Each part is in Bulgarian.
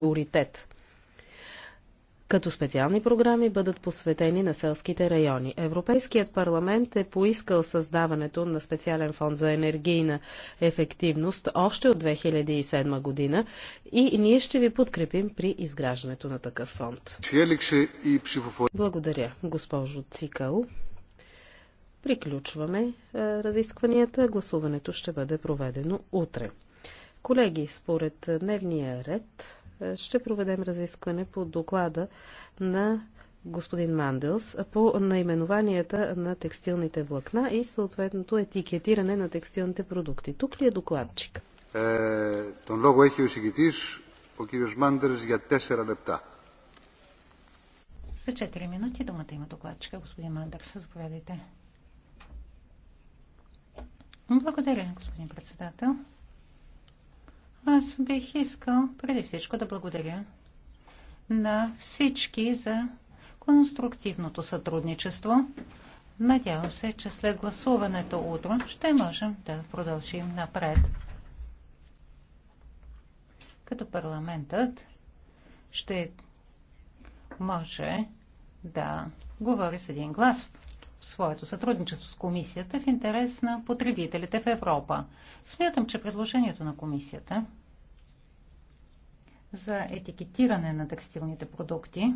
приоритет като специални програми бъдат посветени на селските райони. Европейският парламент е поискал създаването на специален фонд за енергийна ефективност още от 2007 година и ние ще ви подкрепим при изграждането на такъв фонд. Благодаря, госпожо Цикъл. Приключваме е, разискванията. Гласуването ще бъде проведено утре. Колеги, според е, дневния ред ще проведем разискване по доклада на господин Манделс по наименованията на текстилните влакна и съответното етикетиране на текстилните продукти. Тук ли е докладчик? Тон е, лого έχει ο εισηγητής, ο κύριος Μάντερς, για τέσσερα За 4 минути думата има докладчика. Господин Мандърс, заповядайте. Благодаря, господин председател. Аз бих искал преди всичко да благодаря на всички за конструктивното сътрудничество. Надявам се, че след гласуването утро ще можем да продължим напред. Като парламентът ще може да говори с един глас в своето сътрудничество с комисията в интерес на потребителите в Европа. Смятам, че предложението на комисията за етикетиране на текстилните продукти.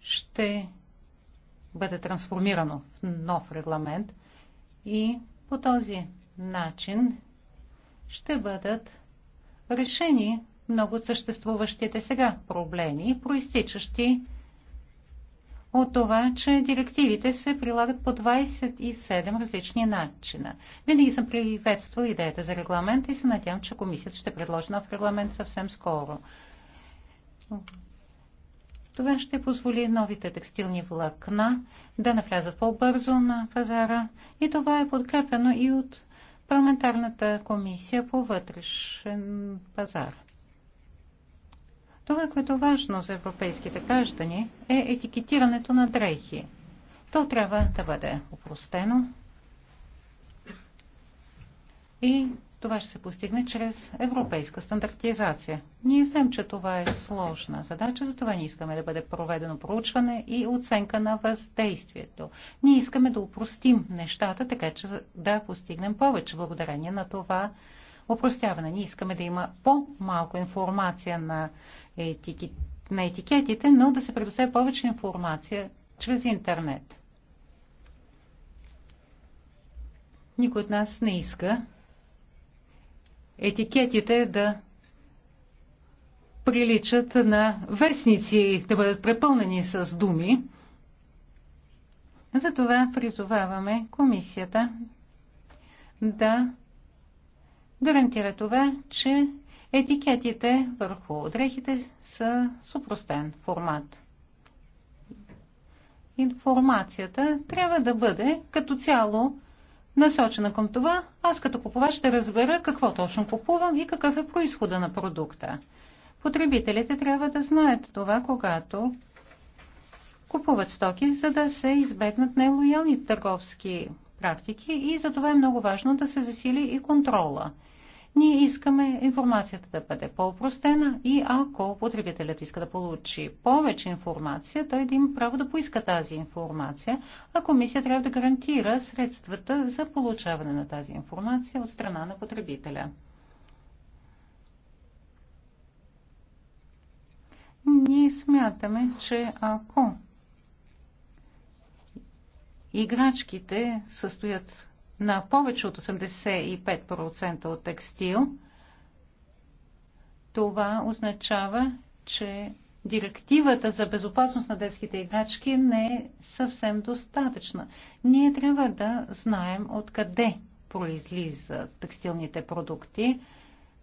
Ще бъде трансформирано в нов регламент и по този начин ще бъдат решени много от съществуващите сега проблеми, проистичащи от това, че директивите се прилагат по 27 различни начина. Винаги съм приветствал идеята за регламент и се надявам, че комисията ще предложи нов регламент съвсем скоро. Това ще позволи новите текстилни влакна да навлязат по-бързо на пазара и това е подкрепено и от парламентарната комисия по вътрешен пазар. Това, което е важно за европейските граждани, е етикетирането на дрехи. То трябва да бъде упростено и това ще се постигне чрез европейска стандартизация. Ние знаем, че това е сложна задача, затова не искаме да бъде проведено проучване и оценка на въздействието. Ние искаме да упростим нещата, така че да постигнем повече благодарение на това упростяване. Ние искаме да има по-малко информация на етики... на етикетите, но да се предоставя повече информация чрез интернет. Никой от нас не иска етикетите да приличат на вестници, да бъдат препълнени с думи. Затова призоваваме комисията да гарантира това, че Етикетите върху дрехите са с упростен формат. Информацията трябва да бъде като цяло насочена към това, аз като купувач ще разбера какво точно купувам и какъв е происхода на продукта. Потребителите трябва да знаят това, когато купуват стоки, за да се избегнат нелоялни търговски практики и за това е много важно да се засили и контрола – ние искаме информацията да бъде по простена и ако потребителят иска да получи повече информация, той да има право да поиска тази информация, а комисия трябва да гарантира средствата за получаване на тази информация от страна на потребителя. Ние смятаме, че ако играчките състоят на повече от 85% от текстил, това означава, че директивата за безопасност на детските играчки не е съвсем достатъчна. Ние трябва да знаем откъде произлизат текстилните продукти,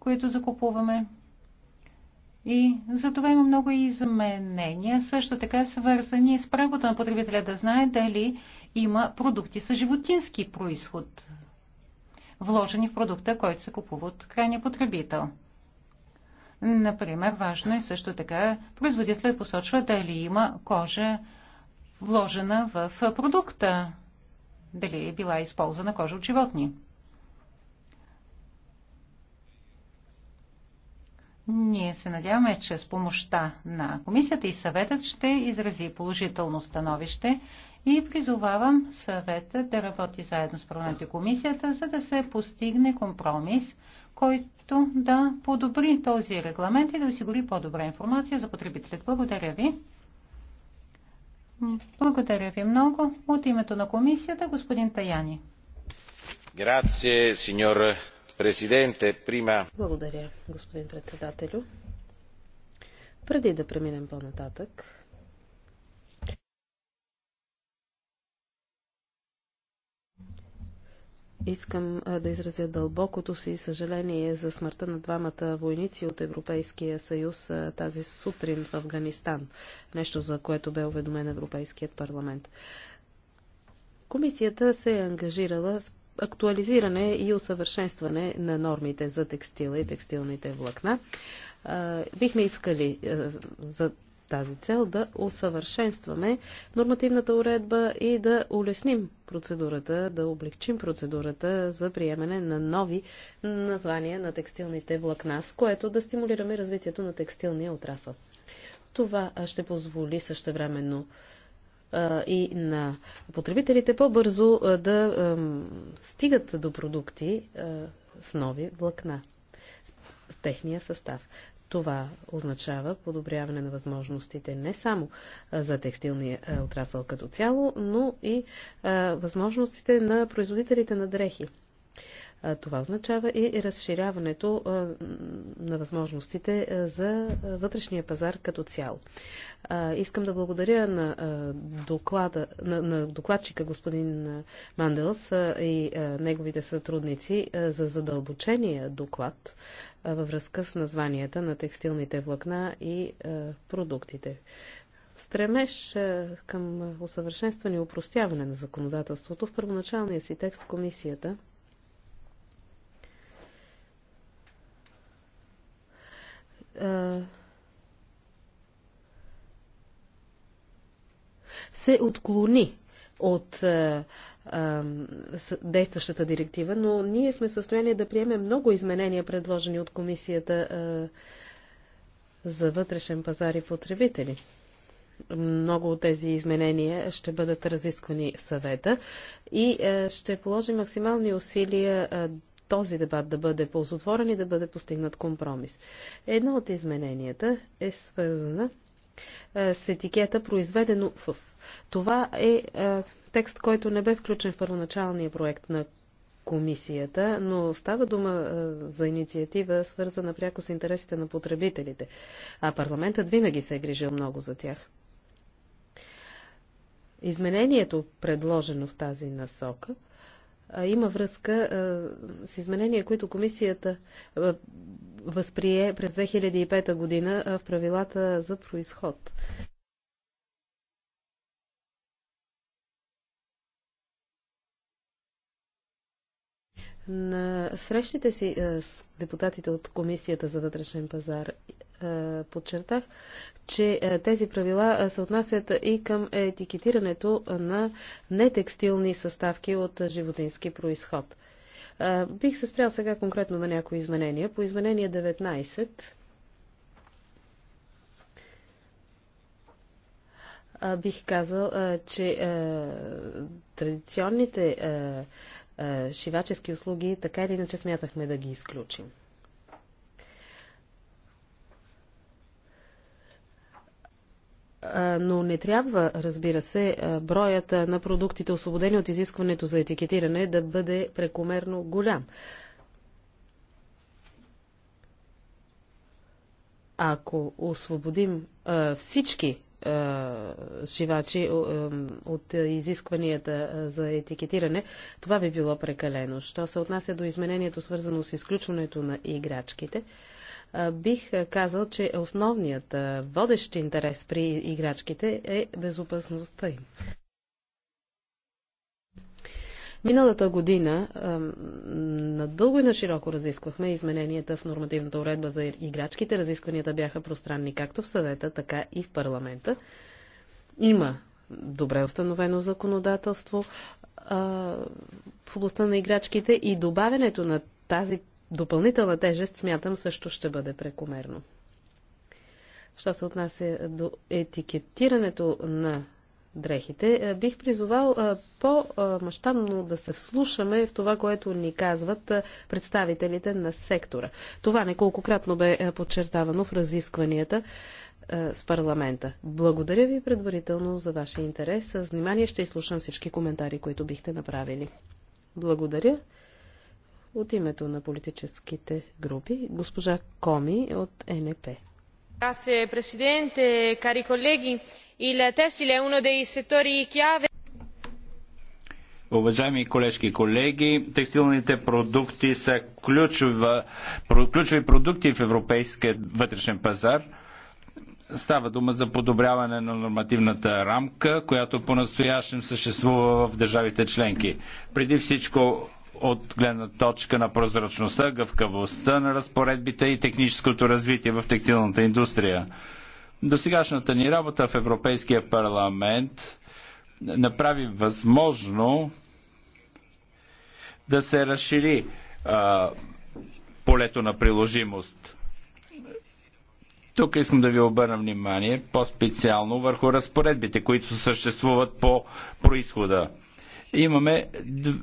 които закупуваме. И за това има много изменения, също така свързани с правото на потребителя да знае дали има продукти с животински происход, вложени в продукта, който се купува от крайния потребител. Например, важно е също така производителят посочва дали има кожа вложена в продукта, дали е била използвана кожа от животни. Ние се надяваме, че с помощта на комисията и съветът ще изрази положително становище и призовавам съвета да работи заедно с парламент и комисията, за да се постигне компромис, който да подобри този регламент и да осигури по-добра информация за потребителите. Благодаря ви. Благодаря ви много. От името на комисията, господин Таяни. Грация, сеньор президенте. Прима. Благодаря, господин председателю. Преди да преминем по-нататък, Искам да изразя дълбокото си съжаление за смъртта на двамата войници от Европейския съюз тази сутрин в Афганистан. Нещо, за което бе уведомен Европейският парламент. Комисията се е ангажирала с актуализиране и усъвършенстване на нормите за текстила и текстилните влакна. Бихме искали за тази цел да усъвършенстваме нормативната уредба и да улесним процедурата, да облегчим процедурата за приемане на нови названия на текстилните влакна, с което да стимулираме развитието на текстилния отрасъл. Това ще позволи същевременно и на потребителите по-бързо да стигат до продукти с нови влакна с техния състав. Това означава подобряване на възможностите не само за текстилния отрасъл като цяло, но и възможностите на производителите на дрехи. Това означава и разширяването на възможностите за вътрешния пазар като цяло. Искам да благодаря на, доклада, на, на докладчика господин Манделс и неговите сътрудници за задълбочения доклад във връзка с названията на текстилните влакна и продуктите стремеж към усъвършенстване и упростяване на законодателството, в първоначалния си текст комисията се отклони от действащата директива, но ние сме в състояние да приемем много изменения, предложени от комисията за вътрешен пазар и потребители. Много от тези изменения ще бъдат разисквани в съвета и ще положим максимални усилия този дебат да бъде ползотворен и да бъде постигнат компромис. Едно от измененията е свързана е, с етикета произведено в. Това е, е текст, който не бе включен в първоначалния проект на комисията, но става дума е, за инициатива, свързана пряко с интересите на потребителите, а парламентът винаги се е грижил много за тях. Изменението, предложено в тази насока, има връзка с изменения, които комисията възприе през 2005 година в правилата за происход. На срещите си с депутатите от Комисията за вътрешен пазар е, подчертах, че е, тези правила е, се отнасят и към етикетирането на нетекстилни съставки от животински происход. Бих се спрял сега конкретно на някои изменения. По изменение 19 бих казал, че традиционните шивачески услуги така или иначе смятахме да ги изключим. но не трябва, разбира се, броят на продуктите, освободени от изискването за етикетиране, да бъде прекомерно голям. Ако освободим всички шивачи от изискванията за етикетиране, това би било прекалено. Що се отнася до изменението, свързано с изключването на играчките, бих казал, че основният водещ интерес при играчките е безопасността им. Миналата година надълго и на широко разисквахме измененията в нормативната уредба за играчките. Разискванията бяха пространни както в съвета, така и в парламента. Има добре установено законодателство в областта на играчките и добавянето на тази допълнителна тежест, смятам, също ще бъде прекомерно. Що се отнася до етикетирането на дрехите, е, бих призовал е, по-масштабно да се вслушаме в това, което ни казват е, представителите на сектора. Това неколкократно бе подчертавано в разискванията с парламента. Благодаря ви предварително за вашия интерес. С внимание ще изслушам всички коментари, които бихте направили. Благодаря от името на политическите групи госпожа Коми от НП. Grazie Presidente, cari colleghi, il tessile è uno dei settori chiave. Уважаеми колежки и колеги, текстилните продукти са ключова, ключови продукти в европейския вътрешен пазар. Става дума за подобряване на нормативната рамка, която по-настоящем съществува в държавите членки. Преди всичко от гледна точка на прозрачността, гъвкавостта на разпоредбите и техническото развитие в текстилната индустрия. Досегашната ни работа в Европейския парламент направи възможно да се разшири а, полето на приложимост. Тук искам да ви обърна внимание по-специално върху разпоредбите, които съществуват по происхода Имаме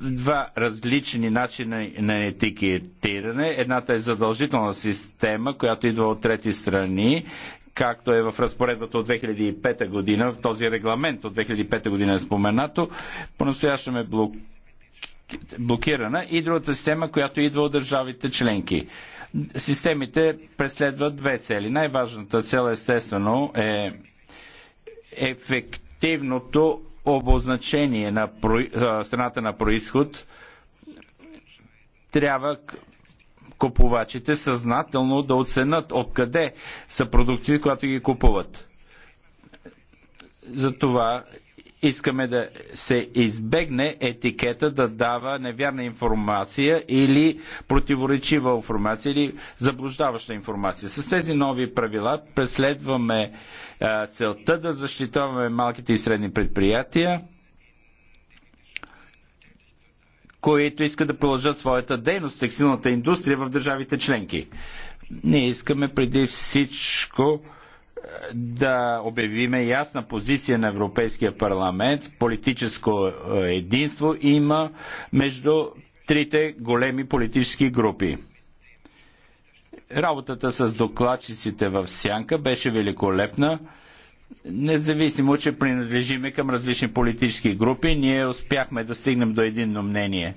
два различни начина на етикетиране. Едната е задължителна система, която идва от трети страни, както е в разпоредбата от 2005 година, в този регламент от 2005 година е споменато, по-настоящем е блокирана и другата система, която идва от държавите членки. Системите преследват две цели. Най-важната цел естествено е ефективното обозначение на страната на происход, трябва купувачите съзнателно да оценят откъде са продуктите, които ги купуват. Затова Искаме да се избегне етикета да дава невярна информация или противоречива информация или заблуждаваща информация. С тези нови правила преследваме а, целта да защитаваме малките и средни предприятия, които искат да продължат своята дейност в текстилната индустрия в държавите членки. Ние искаме преди всичко да обявиме ясна позиция на Европейския парламент. Политическо е, единство има между трите големи политически групи. Работата с докладчиците в Сянка беше великолепна. Независимо, че принадлежиме към различни политически групи, ние успяхме да стигнем до единно мнение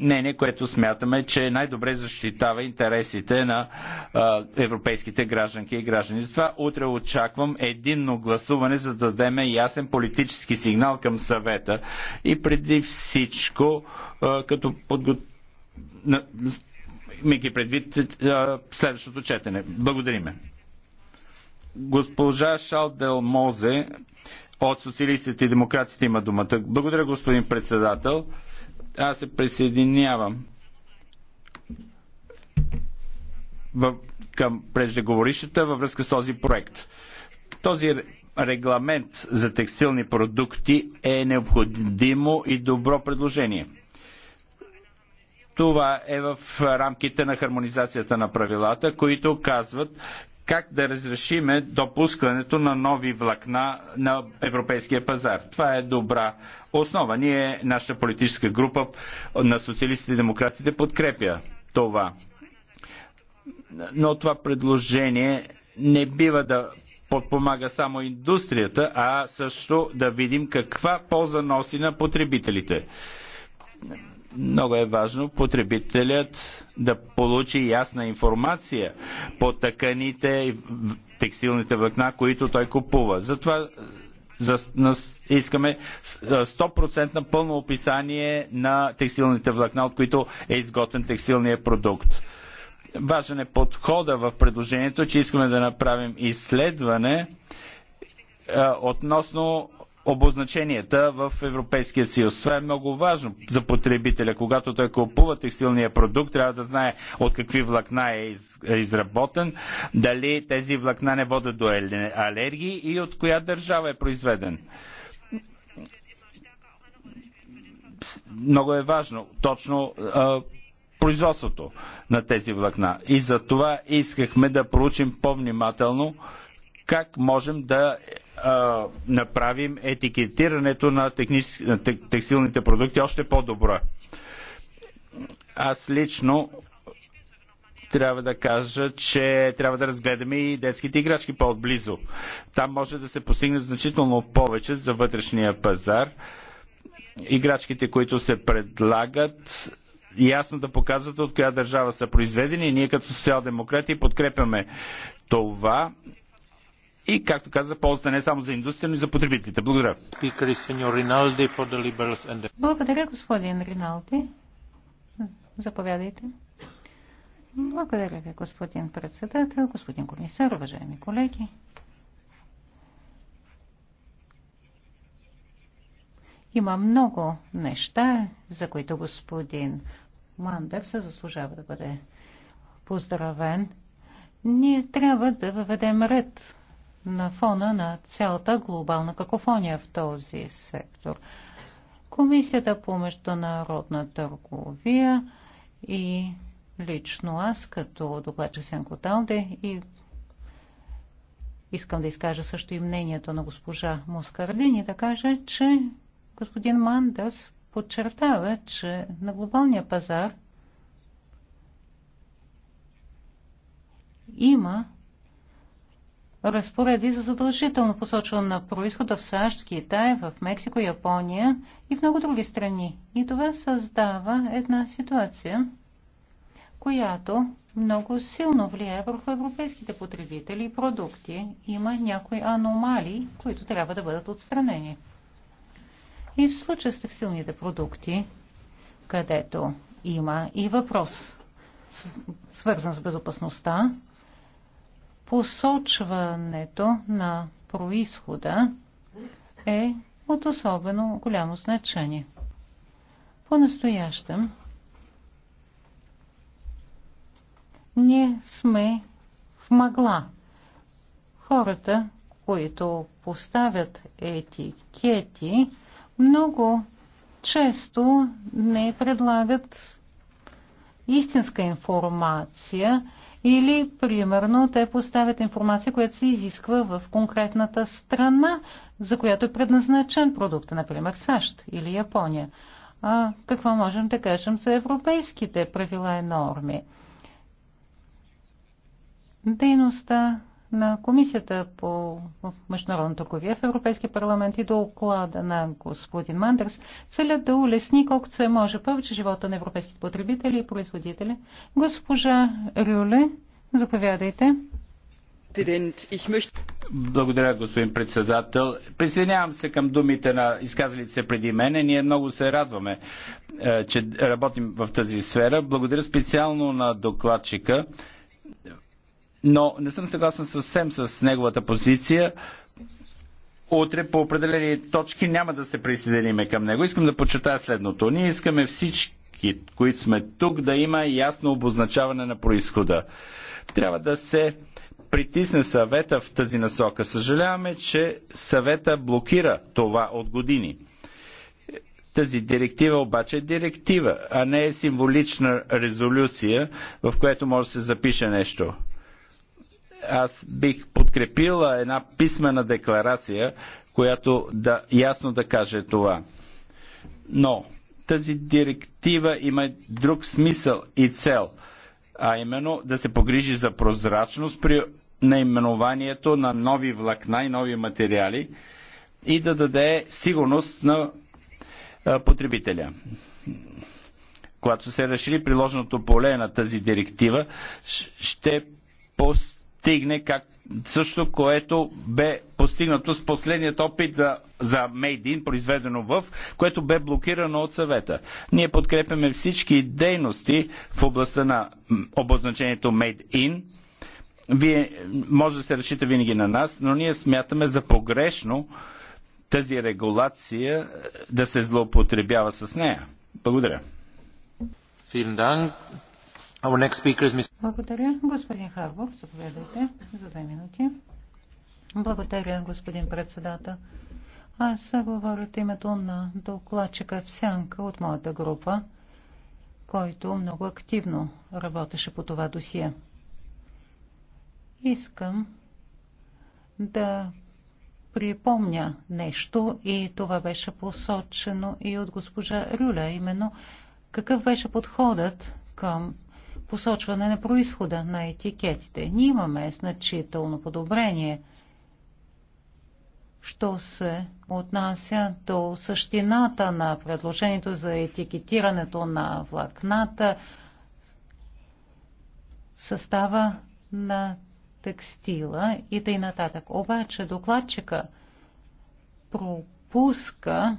мнение, което смятаме, че най-добре защитава интересите на а, европейските гражданки и граждани. Затова утре очаквам единно гласуване, за да дадем ясен политически сигнал към съвета и преди всичко, а, като подготвяме предвид а, следващото четене. Благодариме. Госпожа Шалдел Мозе от Социалистите и Демократите има думата. Благодаря, господин председател аз се присъединявам в, към преждеговорищата във връзка с този проект. Този регламент за текстилни продукти е необходимо и добро предложение. Това е в рамките на хармонизацията на правилата, които казват как да разрешиме допускането на нови влакна на европейския пазар. Това е добра основа. Ние, нашата политическа група на социалистите и демократите подкрепя това. Но това предложение не бива да подпомага само индустрията, а също да видим каква полза носи на потребителите много е важно потребителят да получи ясна информация по тъканите и текстилните влакна, които той купува. Затова за, нас, искаме 100% пълно описание на текстилните влакна, от които е изготвен текстилният продукт. Важен е подхода в предложението, че искаме да направим изследване а, относно обозначенията в Европейския съюз. Това е много важно за потребителя. Когато той купува текстилния продукт, трябва да знае от какви влакна е изработен, дали тези влакна не водят до алергии и от коя държава е произведен. Много е важно точно производството на тези влакна. И за това искахме да проучим по-внимателно как можем да а, направим етикетирането на, технически, на текстилните продукти още по-добро. Аз лично трябва да кажа, че трябва да разгледаме и детските играчки по-отблизо. Там може да се постигне значително повече за вътрешния пазар. Играчките, които се предлагат, ясно да показват от коя държава са произведени. Ние като социал-демократи подкрепяме това и, както каза, ползата не е само за индустрията, но и за потребителите. Благодаря. Благодаря, господин Риналди. Заповядайте. Благодаря ви, господин председател, господин комисар, уважаеми колеги. Има много неща, за които господин Мандърс заслужава да бъде поздравен. Ние трябва да въведем ред на фона на цялата глобална какофония в този сектор. Комисията по международна търговия и лично аз, като докладча Сенко Талде и искам да изкажа също и мнението на госпожа Москардини, да кажа, че господин Мандас подчертава, че на глобалния пазар има разпоредби за задължително посочване на происхода в САЩ, Китай, в Мексико, Япония и в много други страни. И това създава една ситуация, която много силно влияе върху европейските потребители и продукти. Има някои аномалии, които трябва да бъдат отстранени. И в случая с текстилните продукти, където има и въпрос, свързан с безопасността, Посочването на происхода е от особено голямо значение. По-настоящем ние сме в мъгла. Хората, които поставят етикети, много често не предлагат истинска информация или, примерно, те поставят информация, която се изисква в конкретната страна, за която е предназначен продукт, например САЩ или Япония. А какво можем да кажем за европейските правила и норми? Дейността на Комисията по международна търговия в Европейския парламент и до оклада на господин Мандърс целят да улесни колкото се може повече живота на европейските потребители и производители. Госпожа Рюле, заповядайте. Благодаря, господин председател. Присъединявам се към думите на изказалите се преди мене. Ние много се радваме, е, че работим в тази сфера. Благодаря специално на докладчика но не съм съгласен съвсем с неговата позиция. Утре по определени точки няма да се присъединиме към него. Искам да подчертая следното. Ние искаме всички, които сме тук, да има ясно обозначаване на происхода. Трябва да се притисне съвета в тази насока. Съжаляваме, че съвета блокира това от години. Тази директива обаче е директива, а не е символична резолюция, в която може да се запише нещо аз бих подкрепила една писмена декларация, която да ясно да каже това. Но тази директива има друг смисъл и цел, а именно да се погрижи за прозрачност при наименованието на нови влакна и нови материали и да даде сигурност на потребителя. Когато се разшири приложеното поле на тази директива, ще пост постигне как също, което бе постигнато с последният опит за, за Made in, произведено в, което бе блокирано от съвета. Ние подкрепяме всички дейности в областта на обозначението Made in. Вие може да се разчита винаги на нас, но ние смятаме за погрешно тази регулация е, да се злоупотребява с нея. Благодаря. Благодаря. Господин Харбов, заповядайте за две минути. Благодаря, господин председател. Аз говоря от името на докладчика Всянка Сянка от моята група, който много активно работеше по това досие. Искам да припомня нещо и това беше посочено и от госпожа Рюля, именно какъв беше подходът към посочване на происхода на етикетите. Ние имаме значително подобрение, що се отнася до същината на предложението за етикетирането на влакната, състава на текстила и и нататък. Обаче докладчика пропуска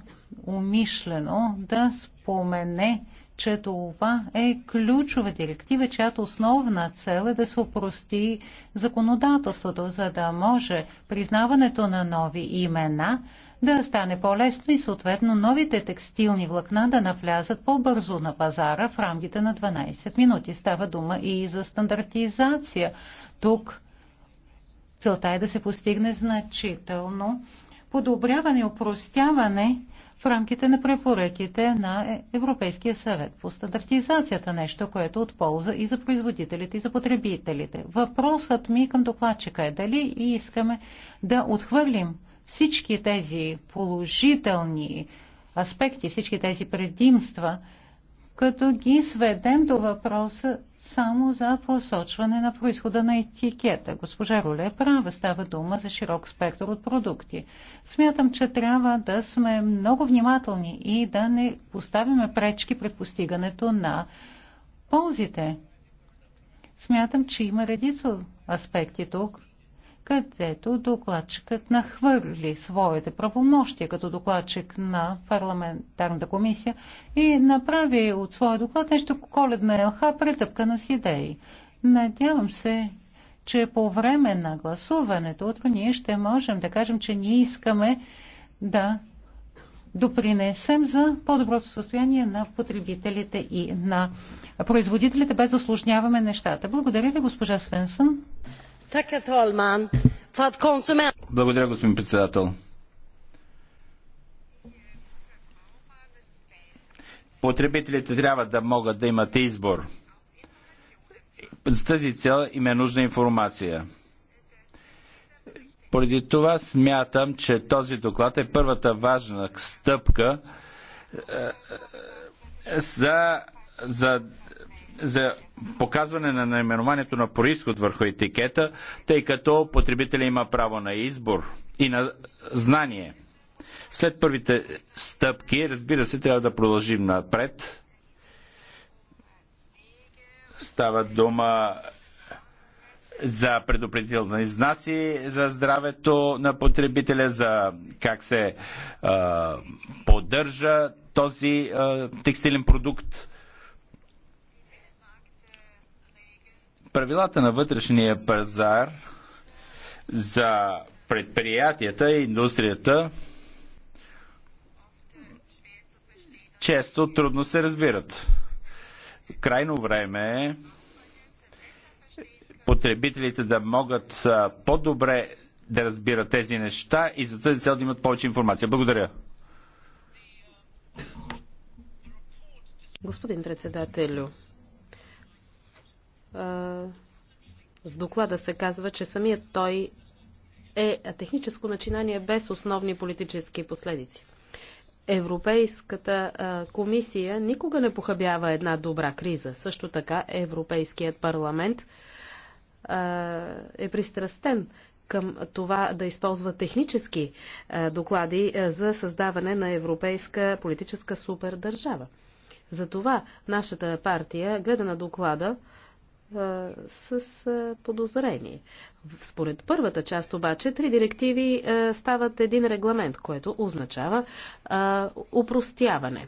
умишлено да спомене че това е ключова директива, чиято основна цел е да се опрости законодателството, за да може признаването на нови имена да стане по-лесно и съответно новите текстилни влакна да навлязат по-бързо на пазара в рамките на 12 минути. Става дума и за стандартизация. Тук целта е да се постигне значително подобряване и упростяване в рамките на препоръките на е- Европейския съвет по стандартизацията, нещо, което е от полза и за производителите, и за потребителите. Въпросът ми към докладчика е дали искаме да отхвърлим всички тези положителни аспекти, всички тези предимства, като ги сведем до въпроса само за посочване на происхода на етикета. Госпожа Руле е права, става дума за широк спектър от продукти. Смятам, че трябва да сме много внимателни и да не поставяме пречки пред постигането на ползите. Смятам, че има редица аспекти тук, където докладчикът нахвърли своите правомощия като докладчик на парламентарната комисия и направи от своя доклад нещо коледна ЛХ, претъпкана с идеи. Надявам се, че по време на гласуването от ние ще можем да кажем, че ние искаме да допринесем за по-доброто състояние на потребителите и на производителите, без да осложняваме нещата. Благодаря ви, госпожа Свенсън. Благодаря, господин председател. Потребителите трябва да могат да имат избор. За тази цел им е нужна информация. Поради това смятам, че този доклад е първата важна стъпка е, е, за, за за показване на наименованието на происход върху етикета, тъй като потребителя има право на избор и на знание. След първите стъпки, разбира се, трябва да продължим напред. Става дума за предупредителни знаци за здравето на потребителя, за как се а, поддържа този а, текстилен продукт Правилата на вътрешния пазар за предприятията и индустрията често трудно се разбират. Крайно време е потребителите да могат по-добре да разбират тези неща и за тази цел да имат повече информация. Благодаря. Господин председателю, в доклада се казва, че самият той е техническо начинание без основни политически последици. Европейската комисия никога не похабява една добра криза. Също така Европейският парламент е пристрастен към това да използва технически доклади за създаване на европейска политическа супердържава. Затова нашата партия гледа на доклада с подозрение. Според първата част обаче, три директиви стават един регламент, което означава упростяване.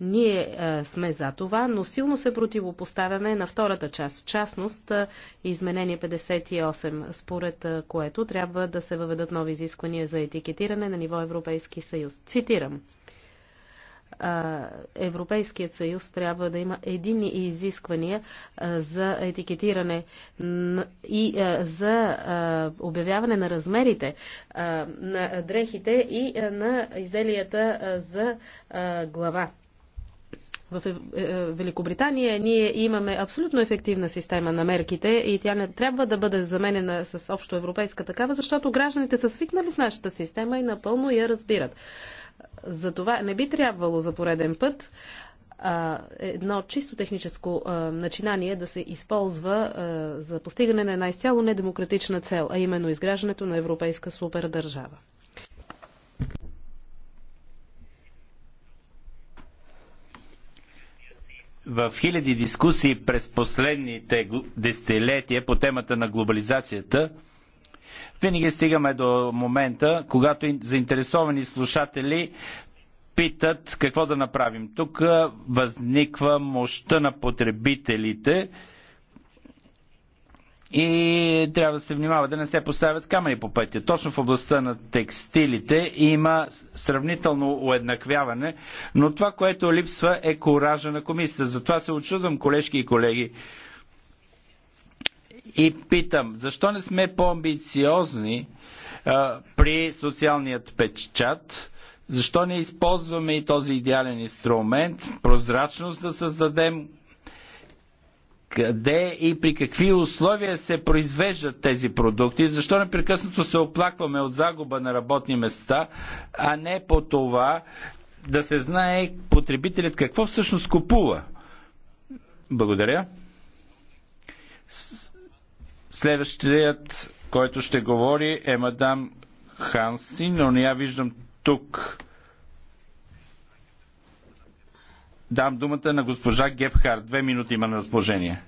Ние а, сме за това, но силно се противопоставяме на втората част, в частност а, изменение 58, според а, което трябва да се въведат нови изисквания за етикетиране на ниво Европейски съюз. Цитирам. Европейският съюз трябва да има единни изисквания за етикетиране и за обявяване на размерите на дрехите и на изделията за глава. В е, е, Великобритания ние имаме абсолютно ефективна система на мерките и тя не трябва да бъде заменена с общо европейска такава, защото гражданите са свикнали с нашата система и напълно я разбират. За това не би трябвало за пореден път а, едно чисто техническо а, начинание да се използва а, за постигане на една изцяло недемократична цел, а именно изграждането на европейска супердържава. в хиляди дискусии през последните десетилетия по темата на глобализацията винаги стигаме до момента, когато заинтересовани слушатели питат какво да направим. Тук възниква мощта на потребителите и трябва да се внимава да не се поставят камъни по пътя. Точно в областта на текстилите има сравнително уеднаквяване, но това, което липсва е коража на комисията. Затова се очудвам, колежки и колеги, и питам, защо не сме по-амбициозни при социалният печат? Защо не използваме и този идеален инструмент, прозрачност да създадем, къде и при какви условия се произвеждат тези продукти, защо непрекъснато се оплакваме от загуба на работни места, а не по това да се знае потребителят какво всъщност купува. Благодаря. Следващият, който ще говори е мадам Ханси, но не я виждам тук. Дам думата на госпожа Гепхар. Две минути има на разположение.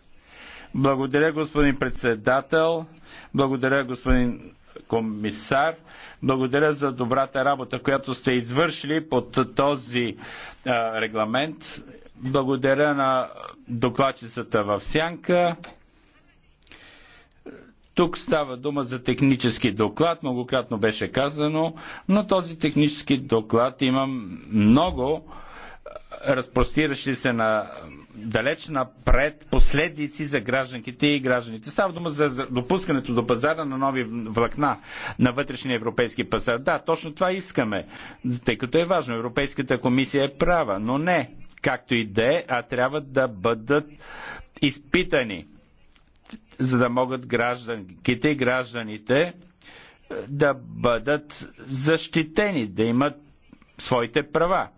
Благодаря, господин председател. Благодаря, господин комисар. Благодаря за добрата работа, която сте извършили под този а, регламент. Благодаря на докладчицата в Сянка. Тук става дума за технически доклад, многократно беше казано, но този технически доклад има много разпростиращи се на далеч напред последици за гражданките и гражданите. Става дума за допускането до пазара на нови влакна на вътрешния европейски пазар. Да, точно това искаме, тъй като е важно. Европейската комисия е права, но не както и да е, а трябва да бъдат изпитани за да могат гражданките и гражданите е, да бъдат защитени, да имат своите права.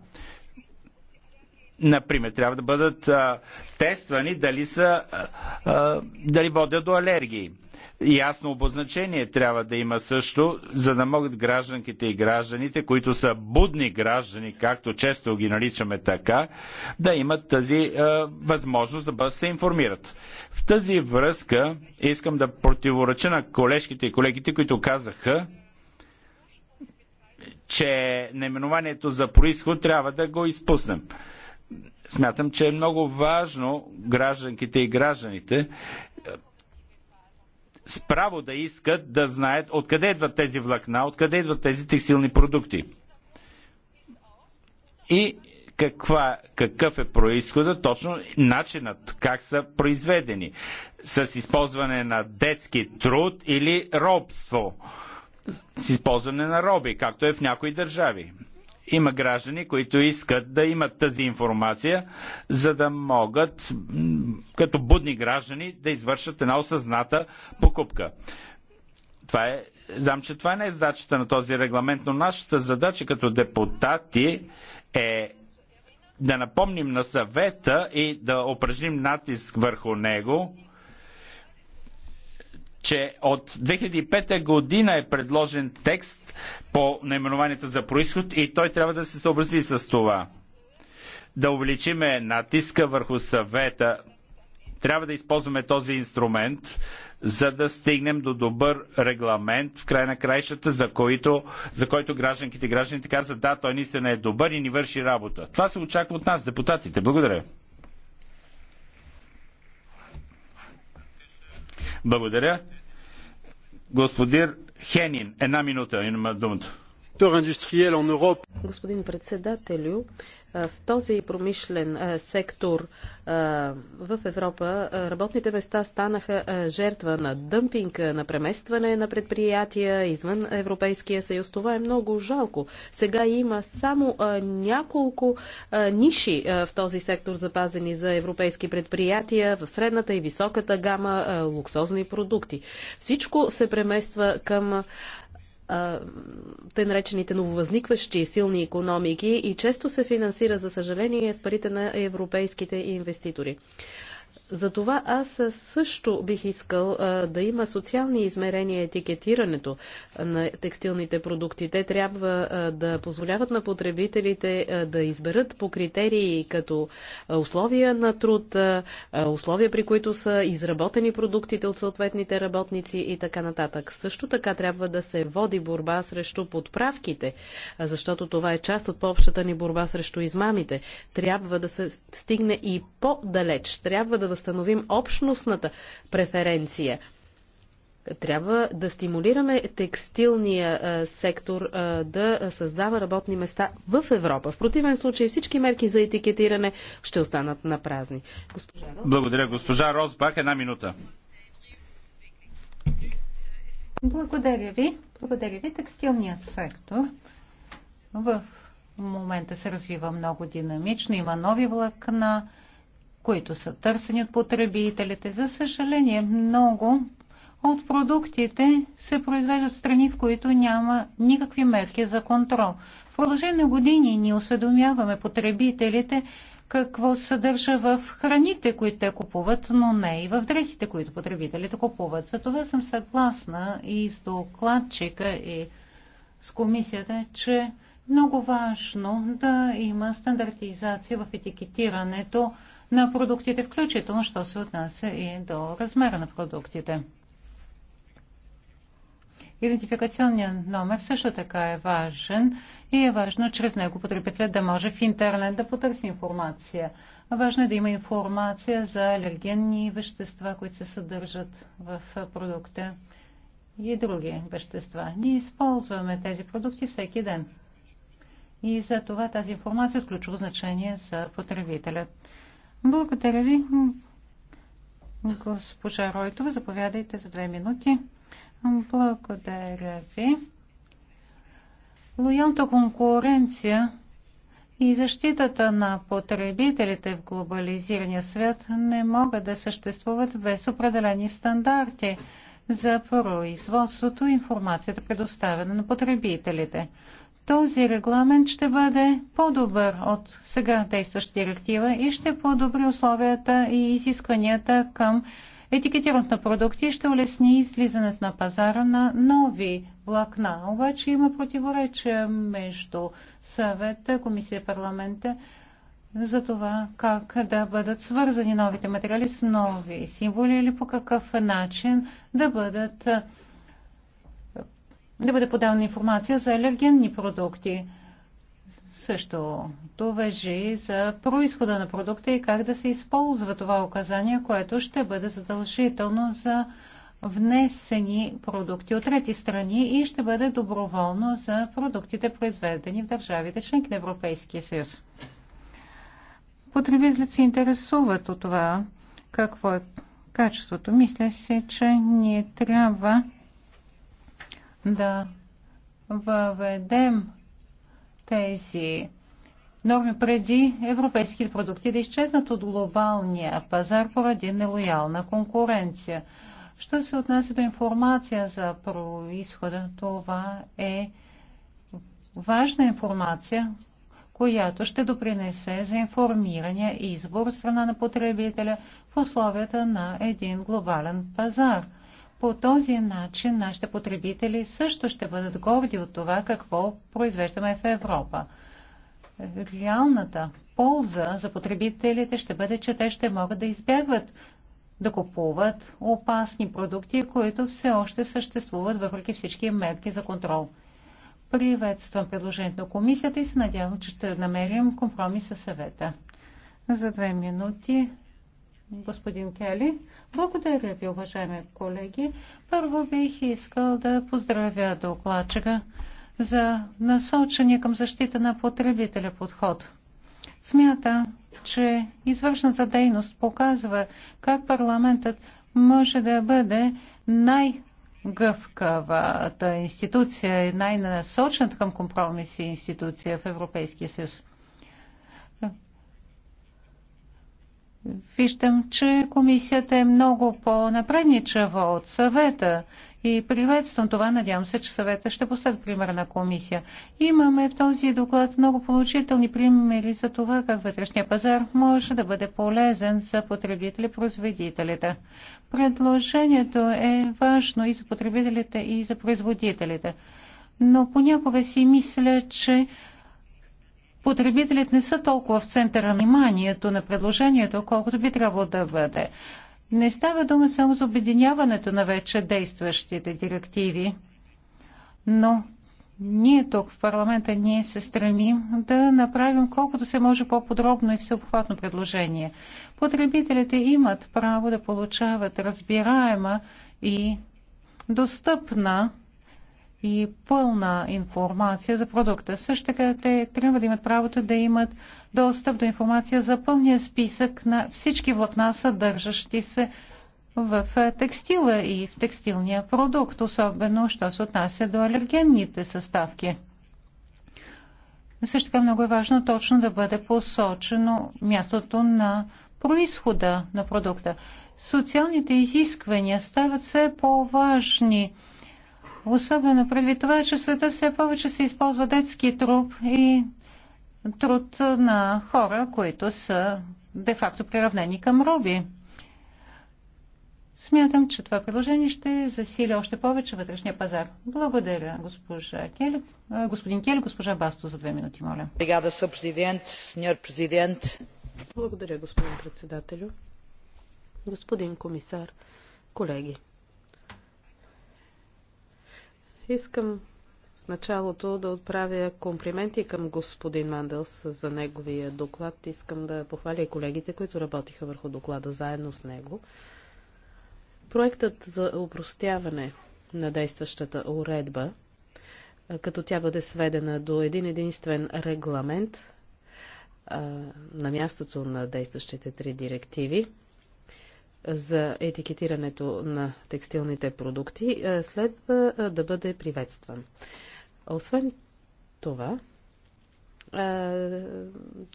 Например, трябва да бъдат а, тествани дали, са, а, дали водят до алергии ясно обозначение трябва да има също, за да могат гражданките и гражданите, които са будни граждани, както често ги наричаме така, да имат тази е, възможност да бъдат се информират. В тази връзка искам да противореча на колежките и колегите, които казаха, че наименованието за происход трябва да го изпуснем. Смятам, че е много важно гражданките и гражданите с право да искат да знаят откъде идват тези влакна, откъде идват тези текстилни продукти. И каква, какъв е происхода, точно начинът, как са произведени. С използване на детски труд или робство. С използване на роби, както е в някои държави. Има граждани, които искат да имат тази информация, за да могат, като будни граждани, да извършат една осъзната покупка. Това е, знам, че това не е задачата на този регламент, но нашата задача като депутати е да напомним на съвета и да упражним натиск върху него, че от 2005 година е предложен текст по наименованията за происход и той трябва да се съобрази с това. Да увеличиме натиска върху съвета. Трябва да използваме този инструмент, за да стигнем до добър регламент в край на краищата, за които, за който гражданките и гражданите казват да, той ни се не е добър и ни върши работа. Това се очаква от нас, депутатите. Благодаря. Благодаря. Господин Хенин, една минута, има думата. Господин председателю, в този промишлен сектор в Европа работните места станаха жертва на дъмпинг, на преместване на предприятия извън Европейския съюз. Това е много жалко. Сега има само няколко ниши в този сектор запазени за европейски предприятия в средната и високата гама луксозни продукти. Всичко се премества към тъй наречените нововъзникващи силни економики и често се финансира, за съжаление, с парите на европейските инвеститори. Затова аз също бих искал а, да има социални измерения етикетирането на текстилните продукти. Те трябва а, да позволяват на потребителите а, да изберат по критерии като условия на труд, условия при които са изработени продуктите от съответните работници и така нататък. Също така трябва да се води борба срещу подправките, защото това е част от по-общата ни борба срещу измамите. Трябва да се стигне и по-далеч. Трябва да възстановим общностната преференция. Трябва да стимулираме текстилния сектор да създава работни места в Европа. В противен случай всички мерки за етикетиране ще останат на празни. Госпожа Рос... Благодаря, госпожа Росбах. Една минута. Благодаря ви. Благодаря ви. Текстилният сектор в момента се развива много динамично. Има нови влакна, които са търсени от потребителите. За съжаление, много от продуктите се произвеждат в страни, в които няма никакви мерки за контрол. В продължение на години ние осведомяваме потребителите какво съдържа в храните, които те купуват, но не и в дрехите, които потребителите купуват. За това съм съгласна и с докладчика и с комисията, че е много важно да има стандартизация в етикетирането на продуктите, включително, що се отнася и до размера на продуктите. Идентификационният номер също така е важен и е важно чрез него потребителят да може в интернет да потърси информация. Важно е да има информация за алергенни вещества, които се съдържат в продукта и други вещества. Ние използваме тези продукти всеки ден. И за това тази информация е ключово значение за потребителят. Благодаря ви. Госпожа Ройтова, заповядайте за две минути. Благодаря ви. Лоялната конкуренция и защитата на потребителите в глобализирания свят не могат да съществуват без определени стандарти за производството и информацията, предоставена на потребителите този регламент ще бъде по-добър от сега действаща директива и ще подобри условията и изискванията към етикетирането на продукти и ще улесни излизането на пазара на нови влакна. Обаче има противоречия между съвета, комисия и парламента за това как да бъдат свързани новите материали с нови символи или по какъв начин да бъдат да бъде подавана информация за алергенни продукти. Също то въжи за происхода на продукта и как да се използва това указание, което ще бъде задължително за внесени продукти от трети страни и ще бъде доброволно за продуктите, произведени в държавите членки на Европейския съюз. Потребителите се интересуват от това какво е качеството. Мисля се, че ние трябва да въведем тези норми преди европейските продукти да изчезнат от глобалния пазар поради нелоялна конкуренция. Що се отнася до информация за происхода, това е важна информация, която ще допринесе за информирания избор страна на потребителя в условията на един глобален пазар – по този начин нашите потребители също ще бъдат горди от това какво произвеждаме в Европа. Реалната полза за потребителите ще бъде, че те ще могат да избягват да купуват опасни продукти, които все още съществуват въпреки всички мерки за контрол. Приветствам предложението на комисията и се надявам, че ще намерим компромис със съвета. За две минути господин Кели. Благодаря ви, уважаеми колеги. Първо бих искал да поздравя докладчика за насочения към защита на потребителя подход. Смята, че извършната дейност показва как парламентът може да бъде най- гъвкавата институция и най насочната към компромиси институция в Европейския съюз. Виждам, че комисията е много по-напредничава от съвета и приветствам това. Надявам се, че съвета ще пример примерна комисия. Имаме в този доклад много положителни примери за това как вътрешния пазар може да бъде полезен за потребители производителите. Предложението е важно и за потребителите, и за производителите. Но понякога си мисля, че потребителите не са толкова в центъра на вниманието на предложението, колкото би трябвало да бъде. Не става дума само за обединяването на вече действащите директиви, но ние тук в парламента ние се стремим да направим колкото се може по-подробно и всеобхватно предложение. Потребителите имат право да получават разбираема и достъпна и пълна информация за продукта. Също така те трябва да имат правото да имат достъп до информация за пълния списък на всички влакна, съдържащи се в е, текстила и в текстилния продукт, особено що се отнася до алергенните съставки. Също така много е важно точно да бъде посочено мястото на происхода на продукта. Социалните изисквания стават все по-важни – особено предвид това, че в света все повече се използва детски труп и труд на хора, които са де-факто приравнени към роби. Смятам, че това предложение ще засили още повече вътрешния пазар. Благодаря, госпожа Кели. Господин Кели, госпожа Басто за две минути, моля. Бригада са президент, сеньор президент. Благодаря, господин председателю. Господин комисар, колеги. Искам в началото да отправя комплименти към господин Мандълс за неговия доклад. Искам да похваля и колегите, които работиха върху доклада заедно с него. Проектът за упростяване на действащата уредба, като тя бъде сведена до един единствен регламент на мястото на действащите три директиви, за етикетирането на текстилните продукти е, следва е, да бъде приветстван. Освен това, е,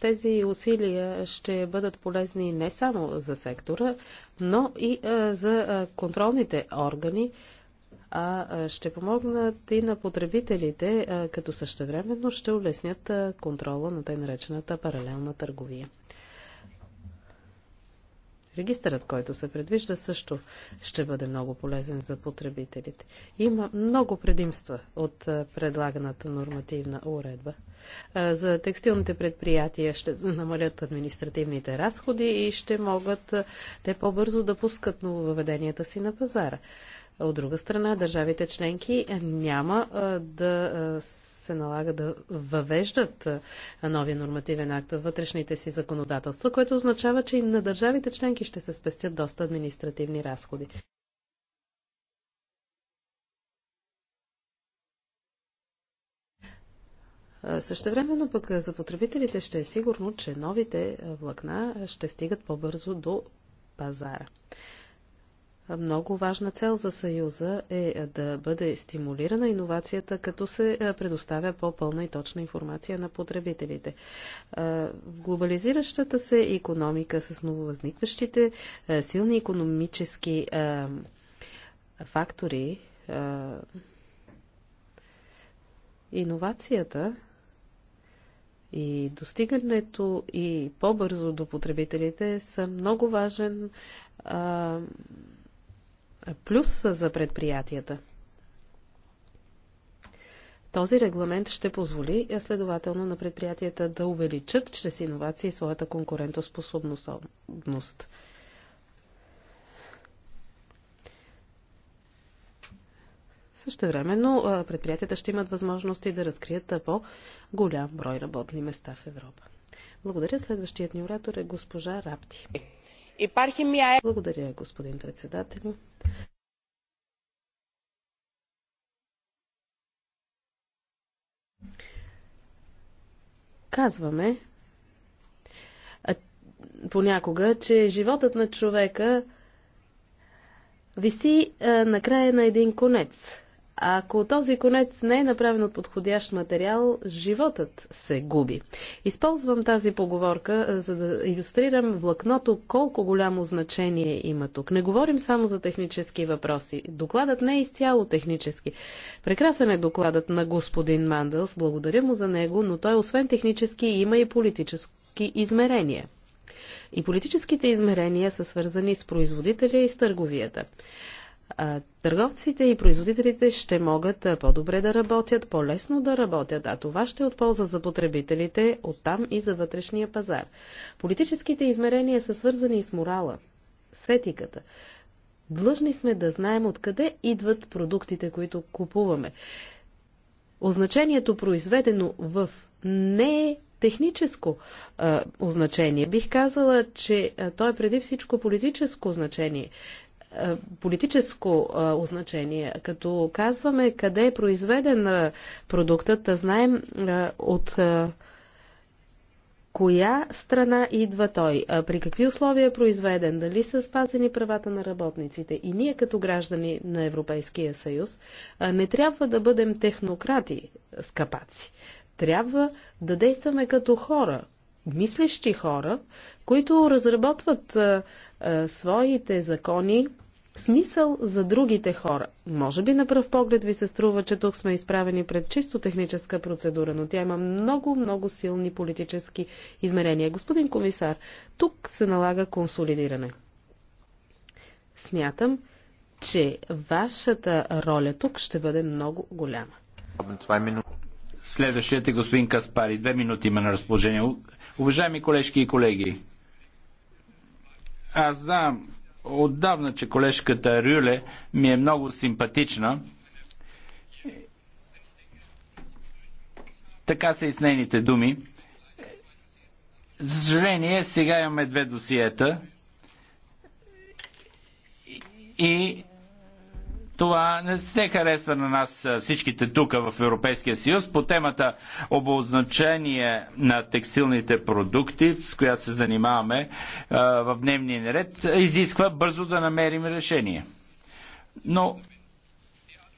тези усилия ще бъдат полезни не само за сектора, но и за контролните органи, а ще помогнат и на потребителите, като същевременно ще улеснят контрола на тъй наречената паралелна търговия. Регистърът, който се предвижда, също ще бъде много полезен за потребителите. Има много предимства от предлаганата нормативна уредба. За текстилните предприятия ще намалят административните разходи и ще могат те по-бързо да пускат нововъведенията си на пазара. От друга страна, държавите членки няма да се налага да въвеждат новия нормативен акт във вътрешните си законодателства, което означава, че и на държавите членки ще се спестят доста административни разходи. Същевременно пък за потребителите ще е сигурно, че новите влакна ще стигат по-бързо до пазара много важна цел за Съюза е да бъде стимулирана иновацията, като се е, предоставя по-пълна и точна информация на потребителите. В е, глобализиращата се економика с нововъзникващите е, силни економически фактори, иновацията и достигането и по-бързо до потребителите са много важен плюс за предприятията. Този регламент ще позволи е, следователно на предприятията да увеличат чрез иновации своята конкурентоспособност. Същевременно е, предприятията ще имат възможности да разкрият е, по-голям брой работни места в Европа. Благодаря. Следващият ни оратор е госпожа Рапти. Благодаря, господин председател. Казваме понякога, че животът на човека виси на края на един конец. Ако този конец не е направен от подходящ материал, животът се губи. Използвам тази поговорка, е, за да иллюстрирам влакното колко голямо значение има тук. Не говорим само за технически въпроси. Докладът не е изцяло технически. Прекрасен е докладът на господин Мандълс, благодаря му за него, но той освен технически има и политически измерения. И политическите измерения са свързани с производителя и с търговията търговците и производителите ще могат по-добре да работят, по-лесно да работят, а това ще е от полза за потребителите, оттам и за вътрешния пазар. Политическите измерения са свързани с морала, с етиката. Длъжни сме да знаем откъде идват продуктите, които купуваме. Означението произведено в не е техническо е, означение. Бих казала, че то е преди всичко политическо значение. Е, политическо е, означение. Като казваме къде е произведен е, продуктът, да знаем от коя страна идва той, при какви условия е произведен, дали са спазени правата на работниците. И ние като граждани на Европейския съюз не трябва да бъдем технократи с капаци. Трябва да действаме като хора, мислещи хора, които разработват а, а, своите закони смисъл за другите хора. Може би на пръв поглед ви се струва, че тук сме изправени пред чисто техническа процедура, но тя има много, много силни политически измерения. Господин комисар, тук се налага консолидиране. Смятам, че вашата роля тук ще бъде много голяма. Следващият е господин Каспари. Две минути има на разположение. Уважаеми колежки и колеги, аз знам, отдавна, че колежката Рюле ми е много симпатична. Така са и с нейните думи. За съжаление, сега имаме две досиета и това не се харесва на нас всичките тук в Европейския съюз. По темата обозначение на текстилните продукти, с която се занимаваме в дневния ред, изисква бързо да намерим решение. Но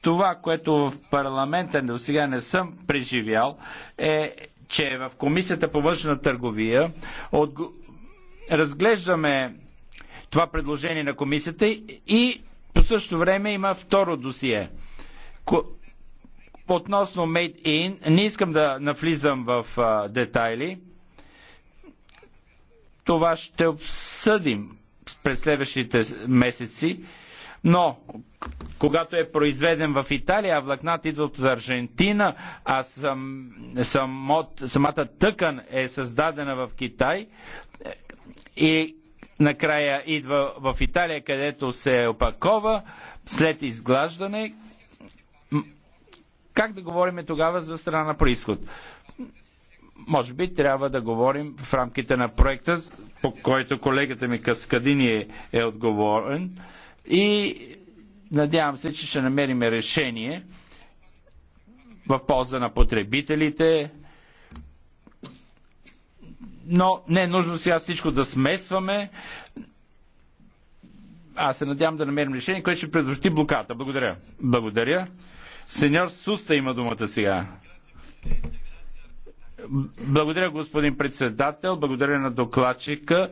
това, което в парламента до сега не съм преживял, е, че в Комисията по външна търговия от... разглеждаме това предложение на комисията и по същото време има второ досие. Относно Made In, не искам да навлизам в а, детайли. Това ще обсъдим през следващите месеци. Но, когато е произведен в Италия, а влакнат идва от Аржентина, а сам, самот, самата тъкан е създадена в Китай, е, и накрая идва в Италия, където се опакова след изглаждане. Как да говорим тогава за страна на происход? Може би трябва да говорим в рамките на проекта, по който колегата ми Каскадини е, е отговорен. И надявам се, че ще намерим решение в полза на потребителите, но не е нужно сега всичко да смесваме. Аз се надявам да намерим решение, което ще предотврати блоката. Благодаря. Благодаря. Сеньор Суста има думата сега. Благодаря, господин председател. Благодаря на докладчика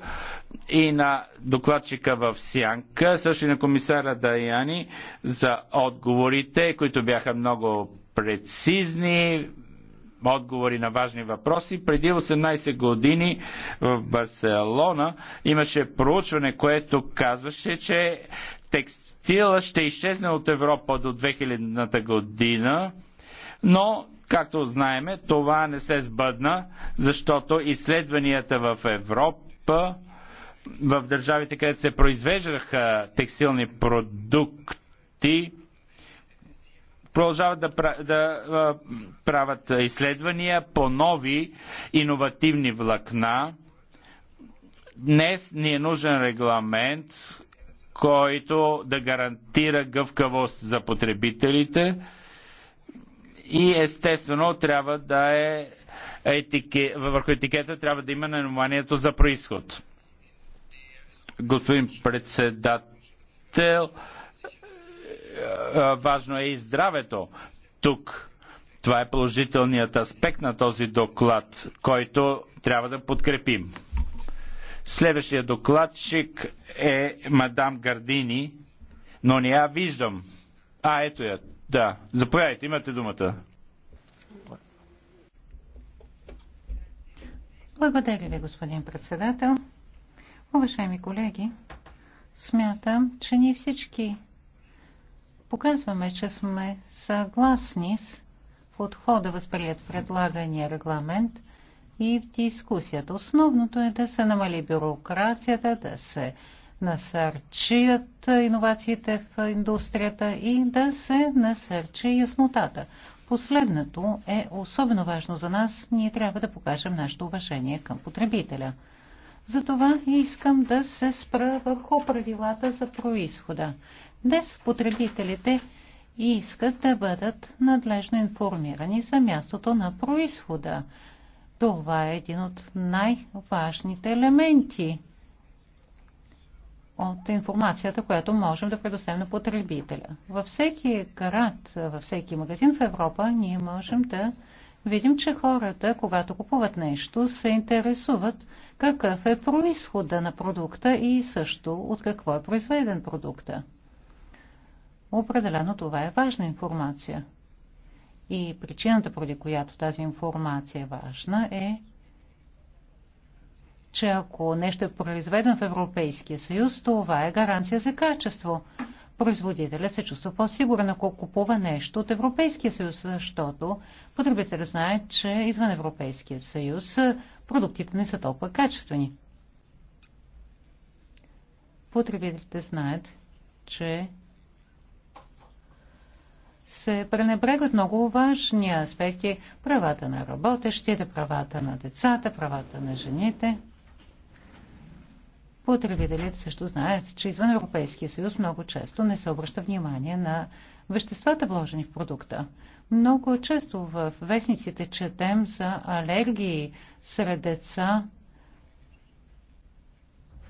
и на докладчика в Сянка, също и на комисара Даяни за отговорите, които бяха много прецизни, отговори на важни въпроси. Преди 18 години в Барселона имаше проучване, което казваше, че текстила ще изчезне от Европа до 2000-та година, но Както знаеме, това не се сбъдна, защото изследванията в Европа, в държавите, където се произвеждаха текстилни продукти, продължават да, да правят изследвания по нови иновативни влакна. Днес ни е нужен регламент, който да гарантира гъвкавост за потребителите и естествено трябва да е етике, върху етикета трябва да има наименованието за происход. Господин председател, е, е, важно е и здравето тук. Това е положителният аспект на този доклад, който трябва да подкрепим. Следващия докладчик е мадам Гардини, но не я виждам. А, ето я. Да. Заповядайте, имате думата. Благодаря ви, господин председател. Уважаеми колеги, смятам, че ние всички показваме, че сме съгласни с подхода възприят предлагания регламент и в дискусията. Основното е да се намали бюрокрацията, да се насърчат иновациите в индустрията и да се насърчи яснотата. Последното е особено важно за нас. Ние трябва да покажем нашето уважение към потребителя. Затова искам да се спра върху правилата за происхода. Днес потребителите искат да бъдат надлежно информирани за мястото на происхода. Това е един от най-важните елементи от информацията, която можем да предоставим на потребителя. Във всеки град, във всеки магазин в Европа ние можем да видим, че хората, когато купуват нещо, се интересуват какъв е происхода на продукта и също от какво е произведен продукта. Определено това е важна информация. И причината, поради която тази информация е важна, е, че ако нещо е произведено в Европейския съюз, това е гаранция за качество. Производителят се чувства по-сигурен, ако купува нещо от Европейския съюз, защото потребителят знае, че извън Европейския съюз продуктите не са толкова качествени. Потребителите знаят, че се пренебрегват много важни аспекти – правата на работещите, правата на децата, правата на жените. Потребителите също знаят, че извън Европейския съюз много често не се обръща внимание на веществата, вложени в продукта. Много често в вестниците четем за алергии сред деца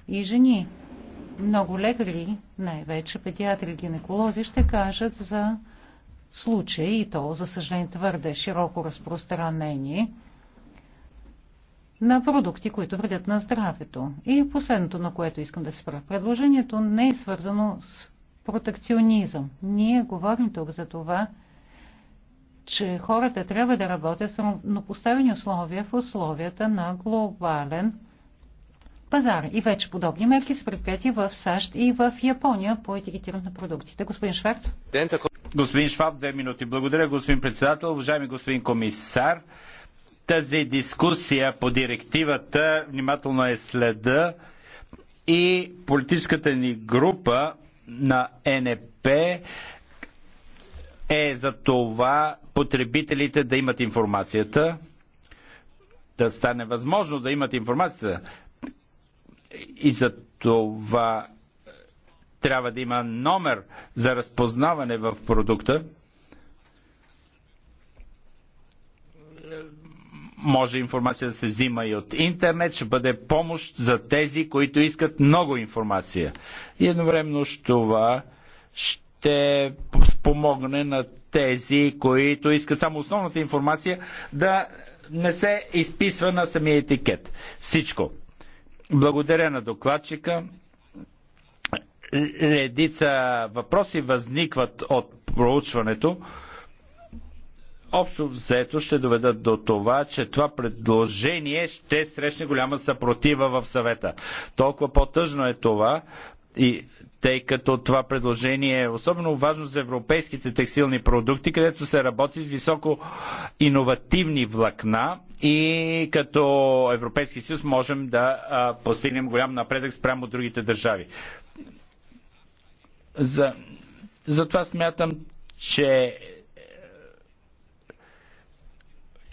и жени. Много лекари, най-вече педиатри и гинеколози, ще кажат за случаи, и то, за съжаление, твърде широко разпространени, на продукти, които вредят на здравето. И последното, на което искам да спра. Предложението не е свързано с протекционизъм. Ние говорим тук за това, че хората трябва да работят в равнопоставени условия в условията на глобален пазар. И вече подобни мерки са предприяти в САЩ и в Япония по етикетиране на продуктите. Господин Шварц. Господин Шваб, две минути. Благодаря, господин председател. Уважаеми господин комисар, тази дискусия по директивата внимателно е следа и политическата ни група на НП е за това потребителите да имат информацията, да стане възможно да имат информацията. И за това трябва да има номер за разпознаване в продукта. Може информация да се взима и от интернет, ще бъде помощ за тези, които искат много информация. И едновременно с това ще спомогне на тези, които искат само основната информация да не се изписва на самия етикет. Всичко. Благодаря на докладчика редица въпроси възникват от проучването. Общо взето ще доведат до това, че това предложение ще срещне голяма съпротива в съвета. Толкова по-тъжно е това, и тъй като това предложение е особено важно за европейските текстилни продукти, където се работи с високо иновативни влакна и като Европейски съюз можем да постигнем голям напредък спрямо другите държави. За, затова смятам, че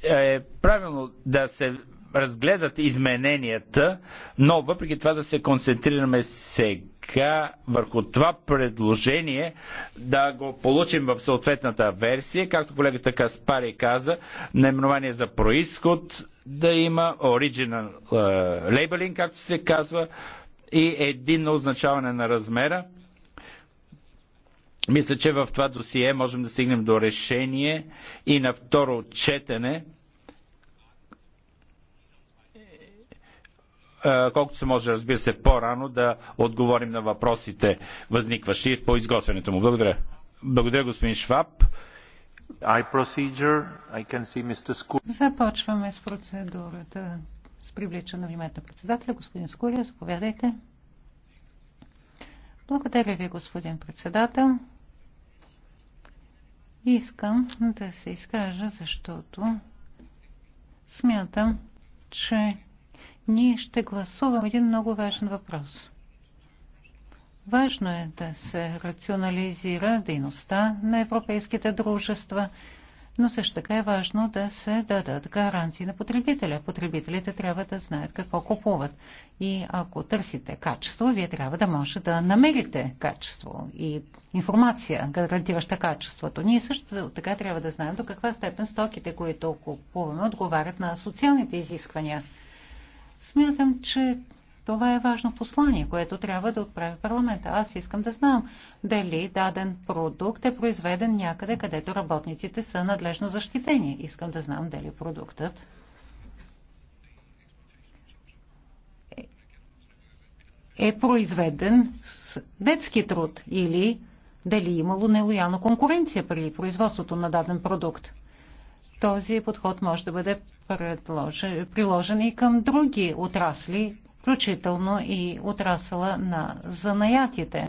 е, е правилно да се разгледат измененията, но въпреки това да се концентрираме сега върху това предложение, да го получим в съответната версия, както колегата Каспари каза, наименование за происход да има, оригинал лейбелинг, както се казва, и единно означаване на размера. Мисля, че в това досие можем да стигнем до решение и на второ четене, е, колкото се може, разбира се, по-рано да отговорим на въпросите, възникващи по изготвянето му. Благодаря. Благодаря, господин Шваб. Започваме с процедурата с привличане на вниманието на председателя. Господин Скурия, заповядайте. Благодаря ви, господин председател. Искам да се изкажа, защото смятам, че ние ще гласуваме един много важен въпрос. Важно е да се рационализира дейността на европейските дружества – но също така е важно да се дадат гаранции на потребителя. Потребителите трябва да знаят какво купуват. И ако търсите качество, вие трябва да може да намерите качество и информация, гарантираща качеството. Ние също така трябва да знаем до каква степен стоките, които купуваме, отговарят на социалните изисквания. Смятам, че това е важно послание, което трябва да отправи парламента. Аз искам да знам дали даден продукт е произведен някъде, където работниците са надлежно защитени. Искам да знам дали продуктът е произведен с детски труд или дали е имало нелоялна конкуренция при производството на даден продукт. Този подход може да бъде приложен и към други отрасли включително и отрасъла на занаятите.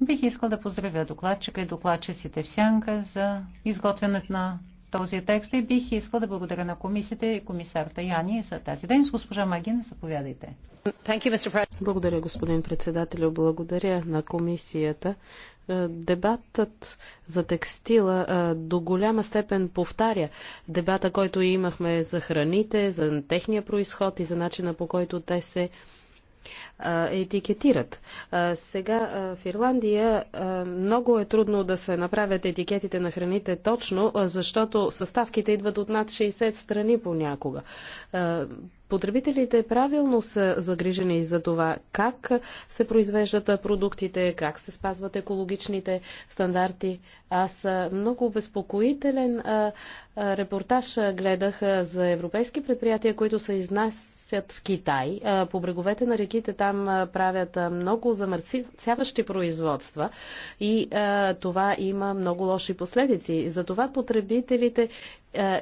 Бих искал да поздравя докладчика и докладчиците в Сянка за изготвянето на този текст и бих искал да благодаря на комисията и комисарта Яни за тази ден. С госпожа Магин, заповядайте. Благодаря, господин председател, Благодаря на комисията е, дебатът за текстила е, до голяма степен повтаря дебата, който имахме за храните, за техния происход и за начина по който те се е, етикетират. Сега в Ирландия много е трудно да се направят етикетите на храните точно, защото съставките идват от над 60 страни понякога. Потребителите правилно са загрижени за това как се произвеждат продуктите, как се спазват екологичните стандарти. Аз много обезпокоителен репортаж гледах за европейски предприятия, които са изнас изнасят в Китай. По бреговете на реките там правят много замърсяващи производства и това има много лоши последици. Затова потребителите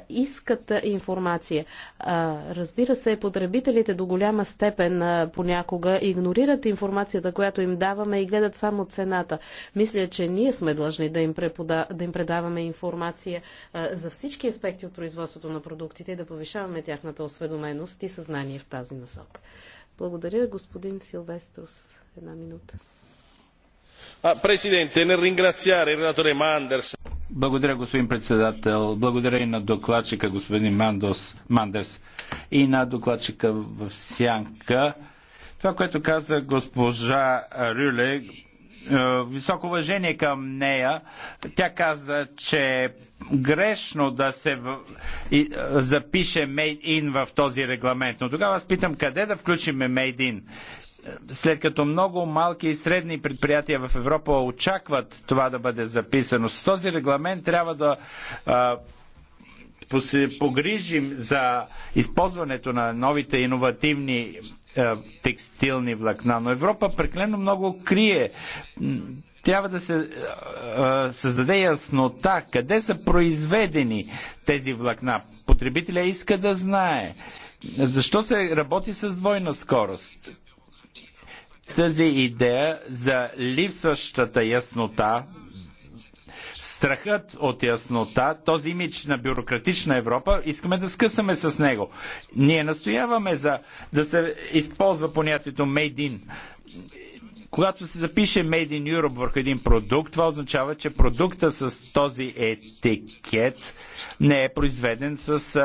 искат информация. Разбира се, потребителите до голяма степен понякога игнорират информацията, която им даваме и гледат само цената. Мисля, че ние сме длъжни да им, препода... да им предаваме информация за всички аспекти от производството на продуктите и да повишаваме тяхната осведоменост и съзнание в тази насок. Благодаря, господин Силвеструс, Една минута. Presidente, nel ringraziare il relatore Manders благодаря, господин председател. Благодаря и на докладчика, господин Мандос, Мандерс, и на докладчика в Сянка. Това, което каза госпожа Рюле, е, високо уважение към нея. Тя каза, че е грешно да се е, запише Made in в този регламент. Но тогава аз питам къде да включим Made in след като много малки и средни предприятия в Европа очакват това да бъде записано. С този регламент трябва да се погрижим за използването на новите иновативни текстилни влакна. Но Европа преклено много крие. Трябва да се а, създаде яснота къде са произведени тези влакна. Потребителя иска да знае. Защо се работи с двойна скорост? тази идея за липсващата яснота, страхът от яснота, този имидж на бюрократична Европа, искаме да скъсаме с него. Ние настояваме за да се използва понятието made in когато се запише Made in Europe върху един продукт, това означава, че продукта с този етикет не е произведен с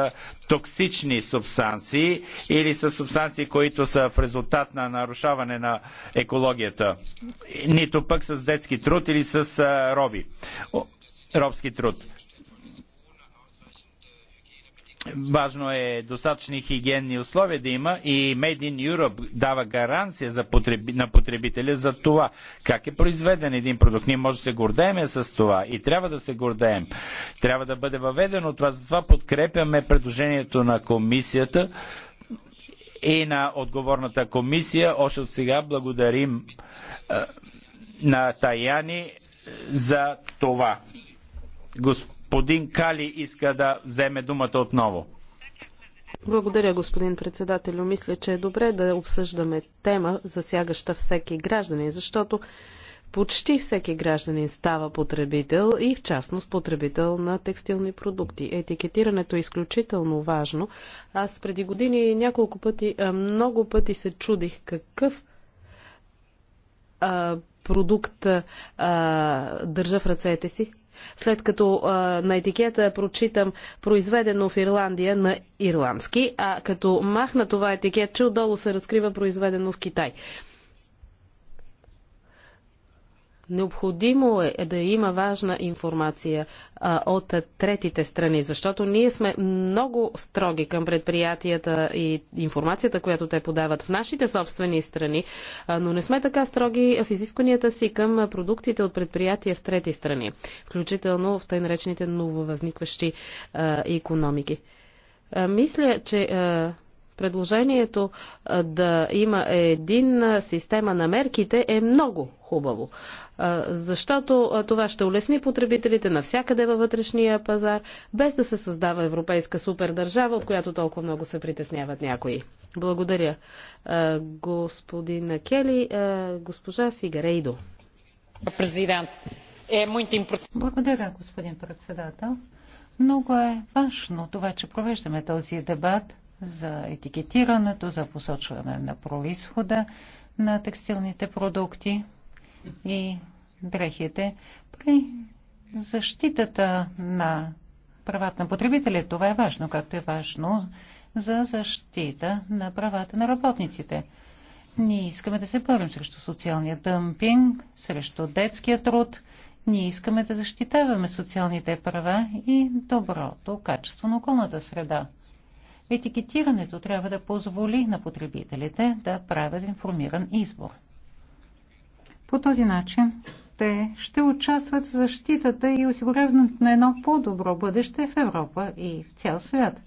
токсични субстанции или с субстанции, които са в резултат на нарушаване на екологията, нито пък с детски труд или с роби, робски труд. Важно е достатъчни хигиенни условия да има и Made in Europe дава гаранция за потреби, на потребителя за това как е произведен един продукт. Ние може да се гордеем с това и трябва да се гордеем. Трябва да бъде въведено това, затова подкрепяме предложението на комисията и на отговорната комисия. Още от сега благодарим на Таяни за това. Господин Господин Кали иска да вземе думата отново. Благодаря, господин председател, Мисля, че е добре да обсъждаме тема, засягаща всеки гражданин, защото почти всеки гражданин става потребител и в частност потребител на текстилни продукти. Етикетирането е изключително важно. Аз преди години няколко пъти, много пъти се чудих какъв продукт а, държа в ръцете си след като а, на етикета прочитам произведено в Ирландия на ирландски, а като махна това че отдолу се разкрива произведено в Китай. Необходимо е да има важна информация а, от третите страни, защото ние сме много строги към предприятията и информацията, която те подават в нашите собствени страни, а, но не сме така строги в изискванията си към продуктите от предприятия в трети страни, включително в тъй наречените нововъзникващи а, економики. А, мисля, че. А, Предложението да има един система на мерките е много хубаво, защото това ще улесни потребителите навсякъде във вътрешния пазар, без да се създава европейска супердържава, от която толкова много се притесняват някои. Благодаря. Господин Кели, госпожа Фигарейдо. Президент, е Благодаря, господин председател. Много е важно това, че провеждаме този дебат за етикетирането, за посочване на происхода на текстилните продукти и дрехите. При защитата на правата на потребителя това е важно, както е важно за защита на правата на работниците. Ние искаме да се борим срещу социалния дъмпинг, срещу детския труд. Ние искаме да защитаваме социалните права и доброто качество на околната среда. Етикетирането трябва да позволи на потребителите да правят информиран избор. По този начин те ще участват в защитата и осигуряването на едно по-добро бъдеще в Европа и в цял свят.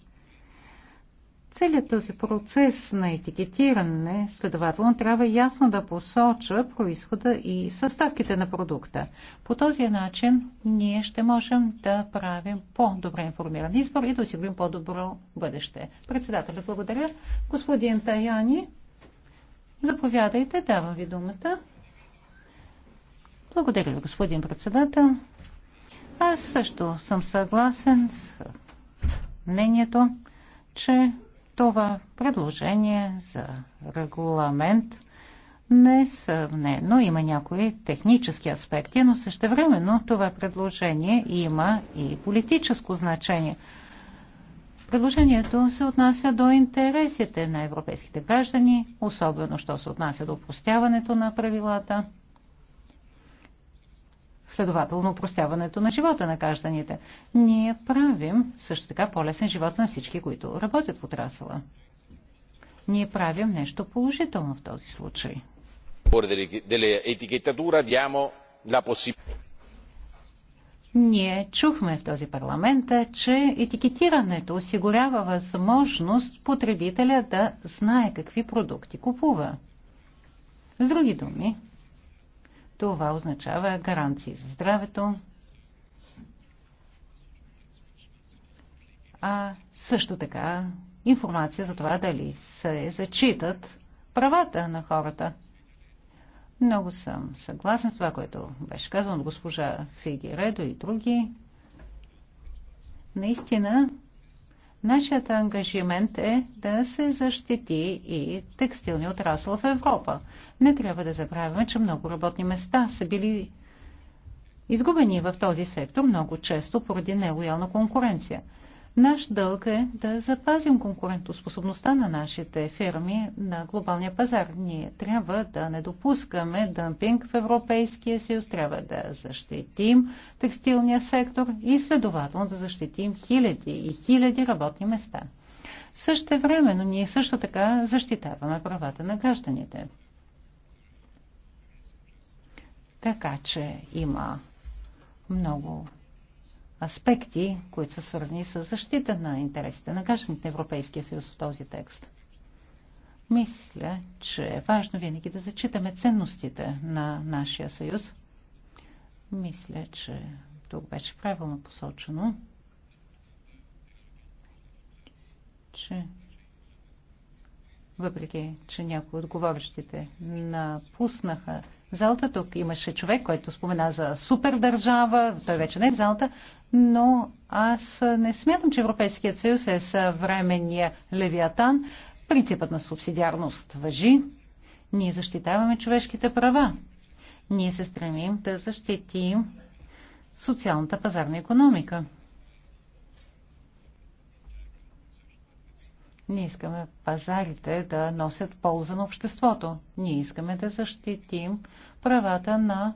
Целият този процес на етикетиране, следователно, трябва ясно да посоча происхода и съставките на продукта. По този начин ние ще можем да правим по-добре информиран избор и да осигурим по-добро бъдеще. Председателя, благодаря. Господин Таяни, заповядайте, давам ви думата. Благодаря ви, господин председател. Аз също съм съгласен с мнението, че това предложение за регламент несъвнено има някои технически аспекти, но същевременно това предложение има и политическо значение. Предложението се отнася до интересите на европейските граждани, особено що се отнася до опростяването на правилата – следователно упростяването на живота на гражданите. Ние правим също така по-лесен живот на всички, които работят в отрасъла. Ние правим нещо положително в този случай. Ние чухме в този парламент, че етикетирането осигурява възможност потребителя да знае какви продукти купува. С други думи, това означава гаранции за здравето, а също така информация за това дали се зачитат правата на хората. Много съм съгласен с това, което беше казано от госпожа Фигиредо и други. Наистина, Нашият ангажимент е да се защити и текстилни отрасъл в Европа. Не трябва да забравяме, че много работни места са били изгубени в този сектор много често поради нелоялна конкуренция. Наш дълг е да запазим конкурентоспособността на нашите фирми на глобалния пазар. Ние трябва да не допускаме дъмпинг в Европейския съюз, трябва да защитим текстилния сектор и следователно да защитим хиляди и хиляди работни места. Също времено ние също така защитаваме правата на гражданите. Така че има много аспекти, които са свързани с защита на интересите на гражданите на Европейския съюз в този текст. Мисля, че е важно винаги да зачитаме ценностите на нашия съюз. Мисля, че тук беше правилно посочено, че въпреки, че някои от говорещите напуснаха залата. Тук имаше човек, който спомена за супердържава. Той вече не е в залата. Но аз не смятам, че Европейският съюз е съвременния левиатан. Принципът на субсидиарност въжи. Ние защитаваме човешките права. Ние се стремим да защитим социалната пазарна економика. Ние искаме пазарите да носят полза на обществото. Ние искаме да защитим правата на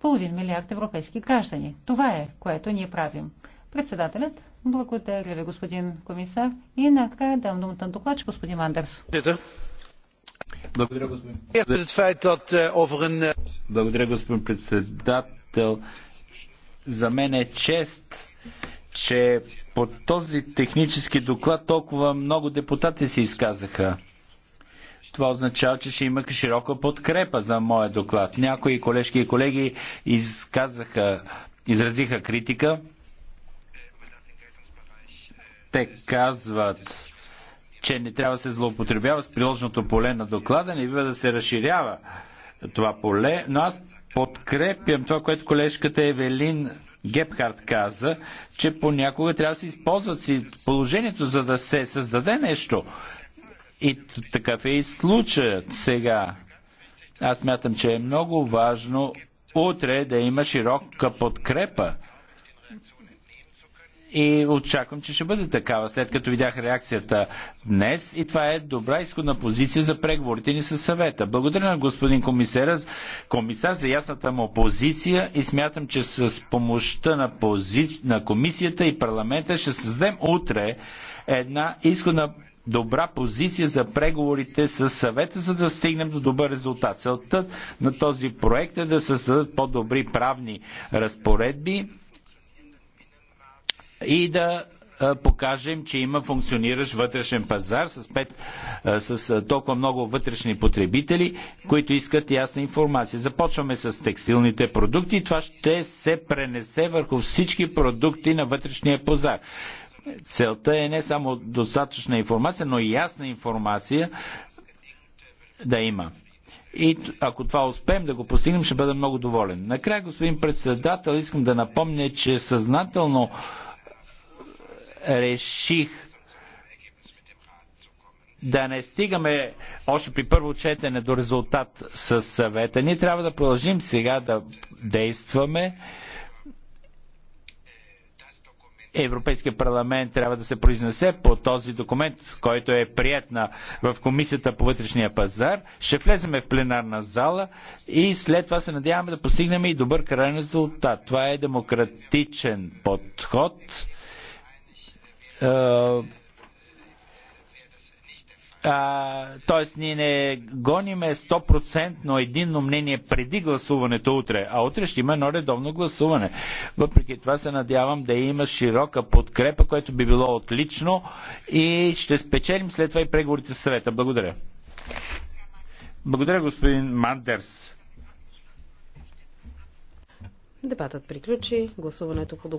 половин милиард европейски граждани. Това е, което ние правим. Председателят, благодаря ви, господин комисар. И накрая дам думата на докладчик, господин Андерс. Благодаря, господин. Благодаря, господин председател. За мен е чест че по този технически доклад толкова много депутати се изказаха. Това означава, че ще има широка подкрепа за моя доклад. Някои колежки и колеги изказаха, изразиха критика. Те казват, че не трябва да се злоупотребява с приложното поле на доклада, не бива да се разширява това поле, но аз подкрепям това, което колежката Евелин Гепхард каза, че понякога трябва да се използват си положението, за да се създаде нещо. И такъв е и случаят сега. Аз мятам, че е много важно утре да има широка подкрепа и очаквам, че ще бъде такава, след като видях реакцията днес и това е добра изходна позиция за преговорите ни с съвета. Благодаря на господин комисара, комисар за ясната му позиция и смятам, че с помощта на, пози... на комисията и парламента ще създадем утре една изходна добра позиция за преговорите с съвета, за да стигнем до добър резултат. Целта на този проект е да създадат по-добри правни разпоредби и да покажем, че има функциониращ вътрешен пазар с, пет, с толкова много вътрешни потребители, които искат ясна информация. Започваме с текстилните продукти и това ще се пренесе върху всички продукти на вътрешния пазар. Целта е не само достатъчна информация, но и ясна информация да има. И ако това успеем да го постигнем, ще бъда много доволен. Накрая, господин председател, искам да напомня, че съзнателно реших да не стигаме още при първо четене до резултат с съвета. Ние трябва да продължим сега да действаме. Европейския парламент трябва да се произнесе по този документ, който е прият на, в Комисията по вътрешния пазар. Ще влеземе в пленарна зала и след това се надяваме да постигнем и добър крайен резултат. Това е демократичен подход Тоест, ние не гониме 100% единно мнение преди гласуването утре, а утре ще има едно редовно гласуване. Въпреки това се надявам да има широка подкрепа, което би било отлично и ще спечелим след това и преговорите с съвета. Благодаря. Благодаря, господин Мандерс. Дебатът приключи. Гласуването по